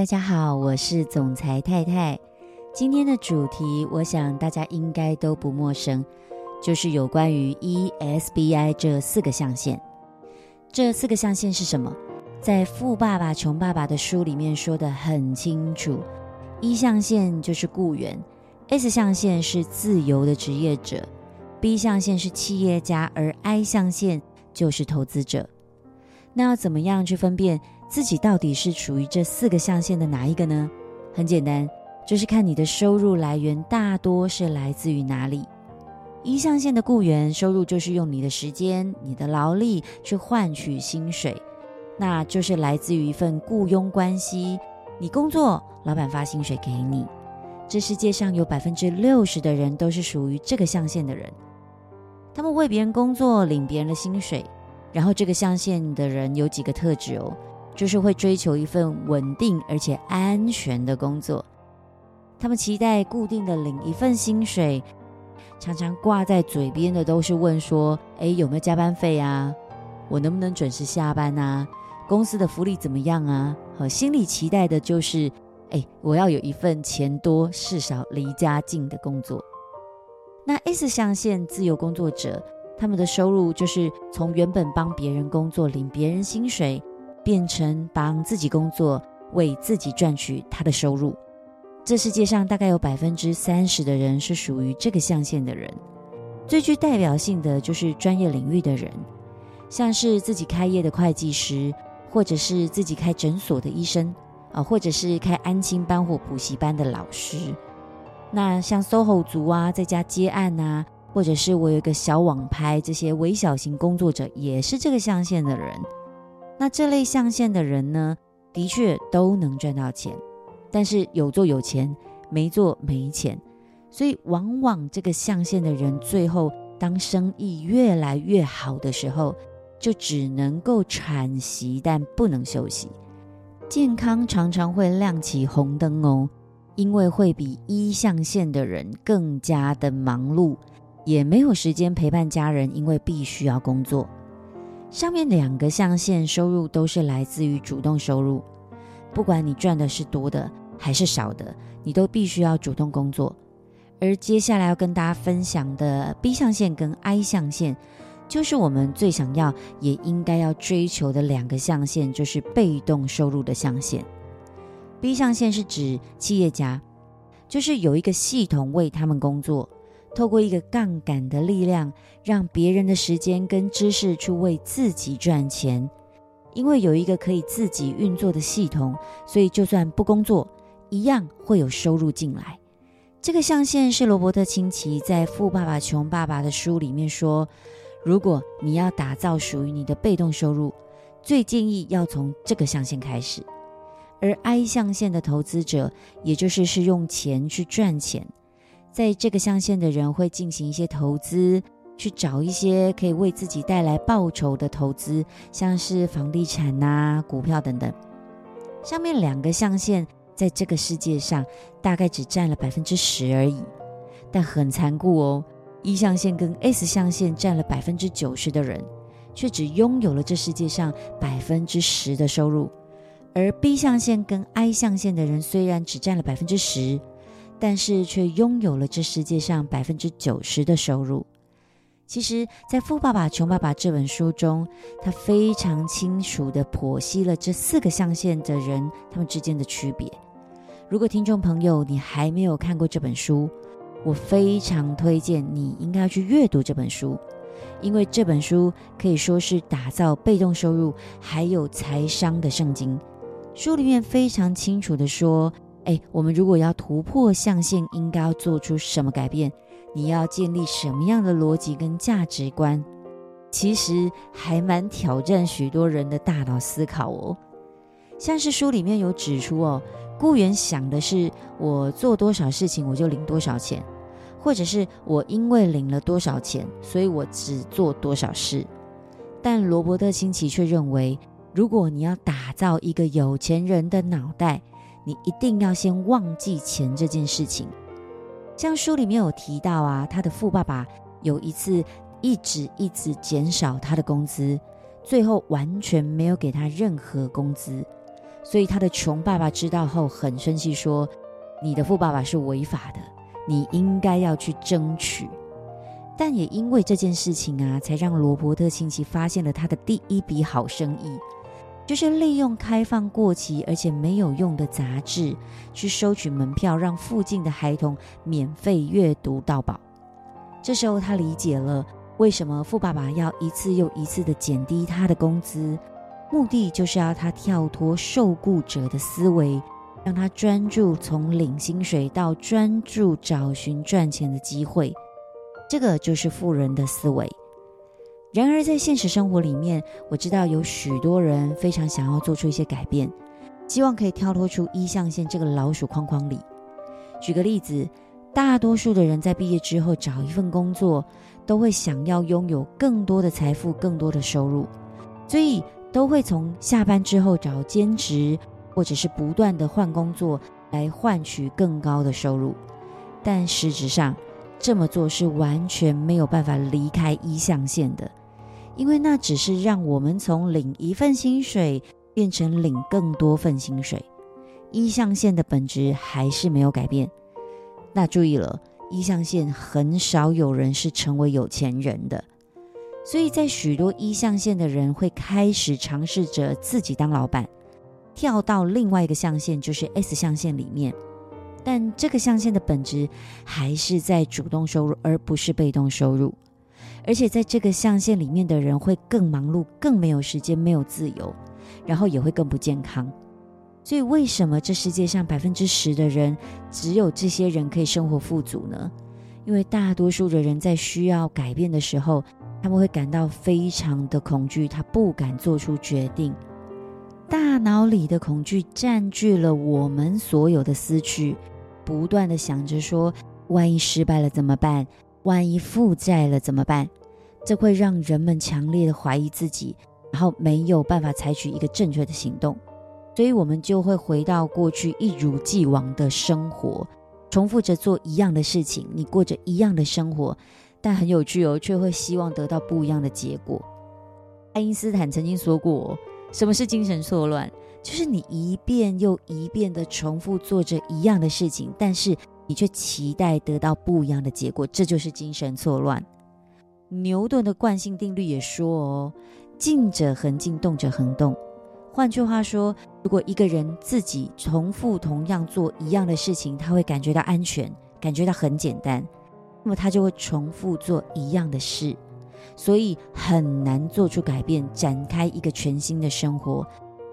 大家好，我是總裁太太。今天的主題，我想大家應該都不陌生，就是有關於 ESBI 這四個象限。這四個象限是什麼？在《富爸爸窮爸爸》的書裡面說的很清楚，E 象限就是僱員，S 象限是自由的職業者，B 象限是企業家，而 I 象限就是投資者。那要怎麼樣去分辨？自己到底是屬於這四個象限的哪一個呢？很簡單，就是看你的收入來源大多是來自於哪裡。一象限的僱員收入就是用你的時間、你的勞力去換取薪水，那就是來自於一份雇傭關係。你工作，老闆發薪水給你。這世界上有百分之六十的人都是屬於這個象限的人，他們為別人工作，領別人的薪水。然後，這個象限的人有幾個特質哦，就是會追求一份穩定而且安全的工作，他們期待固定的領一份薪水，常常掛在嘴邊的都是問說：“哎，有沒有加班費啊？我能不能準時下班啊？公司的福利怎麼樣啊？”和心裡期待的就是：“哎，我要有一份錢多事少離家近的工作。”那 S 象限自由工作者，他們的收入就是從原本幫別人工作領別人薪水。變成幫自己工作，為自己賺取他的收入。這世界上大概有百分之三十的人是屬於這個象限的人。最具代表性的就是專業領域的人，像是自己開業的會計師，或者是自己開診所的醫生，啊、呃，或者是開安親班或補習班的老師。那像 SOHO 族啊，在家接案啊，或者是我有一個小網拍，這些微小型工作者也是這個象限的人。那這類象限的人呢，的確都能賺到錢，但是有做有錢，沒做沒錢，所以往往這個象限的人最後當生意越來越好的時候，就只能夠喘息，但不能休息，健康常常會亮起紅燈哦，因為會比一象限的人更加的忙碌，也沒有時間陪伴家人，因為必須要工作。上面兩個象限收入都是來自於主動收入，不管你賺的是多的還是少的，你都必須要主動工作。而接下來要跟大家分享的 B 象限跟 I 象限，就是我們最想要也應該要追求的兩個象限，就是被動收入的象限。B 象限是指企業家，就是有一個系統為他們工作。透過一個槓桿的力量，讓別人的時間跟知識去為自己賺錢，因為有一個可以自己運作的系統，所以就算不工作，一樣會有收入進來。這個象限是羅伯特清崎在《富爸爸窮爸爸》的書裡面說，如果你要打造屬於你的被動收入，最建議要從這個象限開始。而 I 象限的投資者，也就是是用錢去賺錢。在這個象限的人會進行一些投資，去找一些可以為自己帶來報酬的投資，像是房地產吶、啊、股票等等。上面兩個象限在這個世界上大概只佔了百分之十而已，但很殘酷哦。E 象限跟 S 象限佔了百分之九十的人，卻只擁有了這世界上百分之十的收入。而 B 象限跟 I 象限的人雖然只佔了百分之十。但是卻擁有了這世界上百分之九十的收入。其實，在《富爸爸窮爸爸》這本書中，他非常清楚的剖析了這四個象限的人他們之間的區別。如果聽眾朋友你還沒有看過這本書，我非常推薦你應該要去閱讀這本書，因為這本書可以說是打造被動收入還有財商的聖經。書裡面非常清楚的說。哎、欸，我們如果要突破象限，應該要做出什麼改變？你要建立什麼樣的邏輯跟價值觀？其實還蠻挑戰許多人的大腦思考哦。像是書裡面有指出哦，僱員想的是我做多少事情，我就領多少錢，或者是我因為領了多少錢，所以我只做多少事。但羅伯特·清崎卻認為，如果你要打造一個有錢人的腦袋，你一定要先忘記錢這件事情。像書裡面有提到啊，他的富爸爸有一次一直一直減少他的工資，最後完全沒有給他任何工資。所以他的窮爸爸知道後很生氣，說：“你的富爸爸是違法的，你應該要去爭取。”但也因為這件事情啊，才讓羅伯特清崎發現了他的第一筆好生意。就是利用開放過期而且沒有用的雜誌去收取門票，讓附近的孩童免費閱讀到飽。這時候他理解了為什麼富爸爸要一次又一次的減低他的工資，目的就是要他跳脫受僱者的思維，讓他專注從領薪水到專注找尋賺錢的機會。這個就是富人的思維。然而，在現實生活裡面，我知道有許多人非常想要做出一些改變，希望可以跳脫出 E 象限這個老鼠框框裡。舉個例子，大多數的人在畢業之後找一份工作，都會想要擁有更多的財富、更多的收入，所以都會從下班之後找兼職，或者是不斷的換工作來換取更高的收入。但實質上，這麼做是完全沒有辦法離開 E 象限的。因為那只是讓我們從領一份薪水變成領更多份薪水，E 象限的本質還是沒有改變。那注意了，E 象限很少有人是成為有錢人的，所以在許多 E 象限的人會開始嘗試着自己當老板，跳到另外一個象限，就是 S 象限裡面。但這個象限的本質還是在主動收入，而不是被動收入。而且在這個象限裡面的人會更忙碌，更沒有時間，沒有自由，然後也會更不健康。所以，為什麼這世界上百分之十的人，只有這些人可以生活富足呢？因為大多數的人在需要改變的時候，他們會感到非常的恐懼，他不敢做出決定。大腦裡的恐懼占據了我們所有的思緒，不斷的想着說：萬一失敗了怎麼辦？萬一負債了怎麼辦？這會讓人們強烈的懷疑自己，然後沒有辦法採取一個正確的行動，所以我們就會回到過去，一如既往的生活，重複着做一樣的事情。你過着一樣的生活，但很有趣哦，卻會希望得到不一樣的結果。愛因斯坦曾經說過：“什麼是精神錯亂？就是你一遍又一遍的重複做着一樣的事情，但是。”你卻期待得到不一樣的結果，這就是精神錯亂。牛頓的慣性定律也說哦，靜者恆靜，動者恆動。換句話說，如果一個人自己重複同樣做一樣的事情，他會感覺到安全，感覺到很簡單，那麼他就會重複做一樣的事，所以很難做出改變，展開一個全新的生活。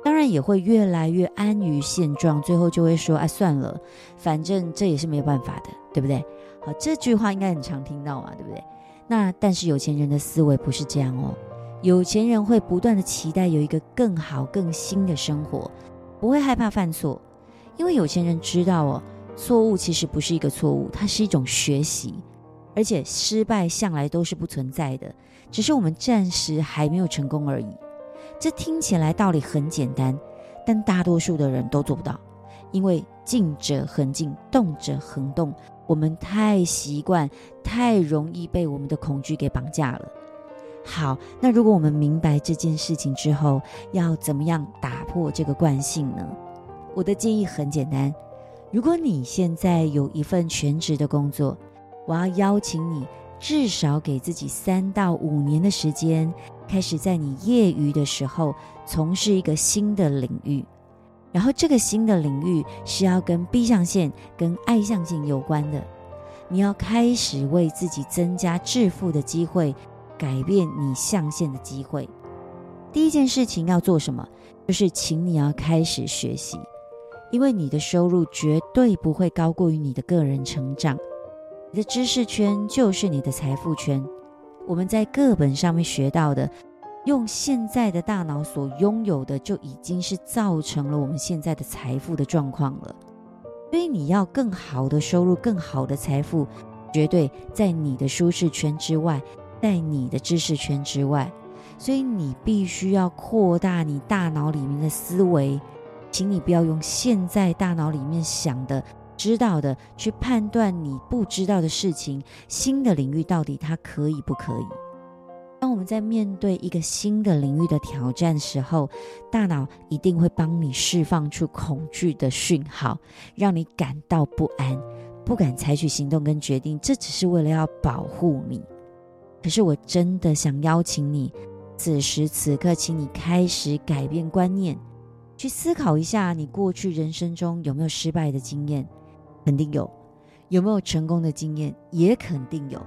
當然也會越來越安於現狀，最後就會說：“啊，算了，反正這也是沒有辦法的，對不對？”好，這句話應該很常聽到嘛，對不對？那但是有錢人的思維不是這樣哦，有錢人會不斷的期待有一個更好、更新的生活，不會害怕犯錯，因為有錢人知道哦，錯誤其實不是一個錯誤，它是一種學習，而且失敗向來都是不存在的，只是我們暫時還沒有成功而已。這聽起來道理很簡單，但大多數的人都做不到，因為靜者恆靜，動者恆動。我們太習慣，太容易被我們的恐懼給綁架了。好，那如果我們明白這件事情之後，要怎麼樣打破這個慣性呢？我的建議很簡單：如果你現在有一份全職的工作，我要邀請你至少給自己三到五年的時間。開始在你業餘的時候從事一個新的領域，然後這個新的領域是要跟 B 象限、跟 I 象限有關的。你要開始為自己增加致富的機會，改變你象限的機會。第一件事情要做什麼？就是請你要開始學習，因為你的收入絕對不會高過於你的個人成長。你的知識圈就是你的財富圈。我們在課本上面學到的，用現在的大腦所擁有的，就已經是造成了我們現在的財富的狀況了。所以你要更好的收入、更好的財富，絕對在你的舒適圈之外，在你的知識圈之外。所以你必須要擴大你大腦裡面的思維，請你不要用現在大腦裡面想的。知道的去判斷你不知道的事情，新的領域到底它可以不可以？當我們在面對一個新的領域的挑戰的時候，大腦一定會幫你釋放出恐懼的訊號，讓你感到不安，不敢採取行動跟決定。這只是為了要保護你。可是我真的想邀請你，此時此刻，請你開始改變觀念，去思考一下你過去人生中有沒有失敗的經驗。肯定有，有沒有成功的經驗？也肯定有，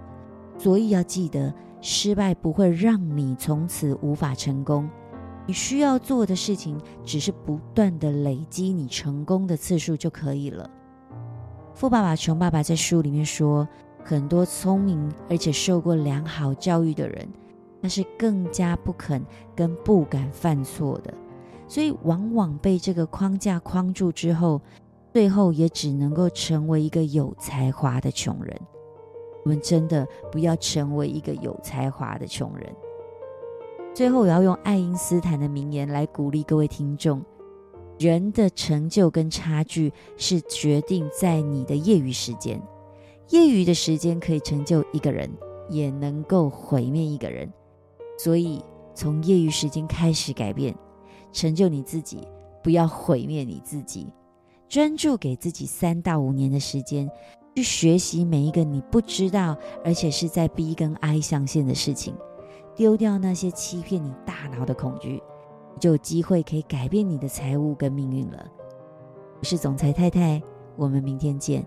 所以要記得，失敗不會讓你從此無法成功。你需要做的事情，只是不斷地累積你成功的次數就可以了。富爸爸窮爸爸在書裡面說，很多聰明而且受過良好教育的人，那是更加不肯跟不敢犯錯的，所以往往被這個框架框住之後。最後也只能夠成為一個有才華的窮人。我們真的不要成為一個有才華的窮人。最後，我要用愛因斯坦的名言來鼓勵各位聽眾：人的成就跟差距是決定在你的業餘時間。業餘的時間可以成就一個人，也能夠毀滅一個人。所以，從業餘時間開始改變，成就你自己，不要毀滅你自己。專注給自己三到五年的時間，去學習每一個你不知道，而且是在 B 跟 I 象限的事情。丟掉那些欺騙你大腦的恐懼，就有機會可以改變你的財務跟命運了。我是總裁太太，我們明天見。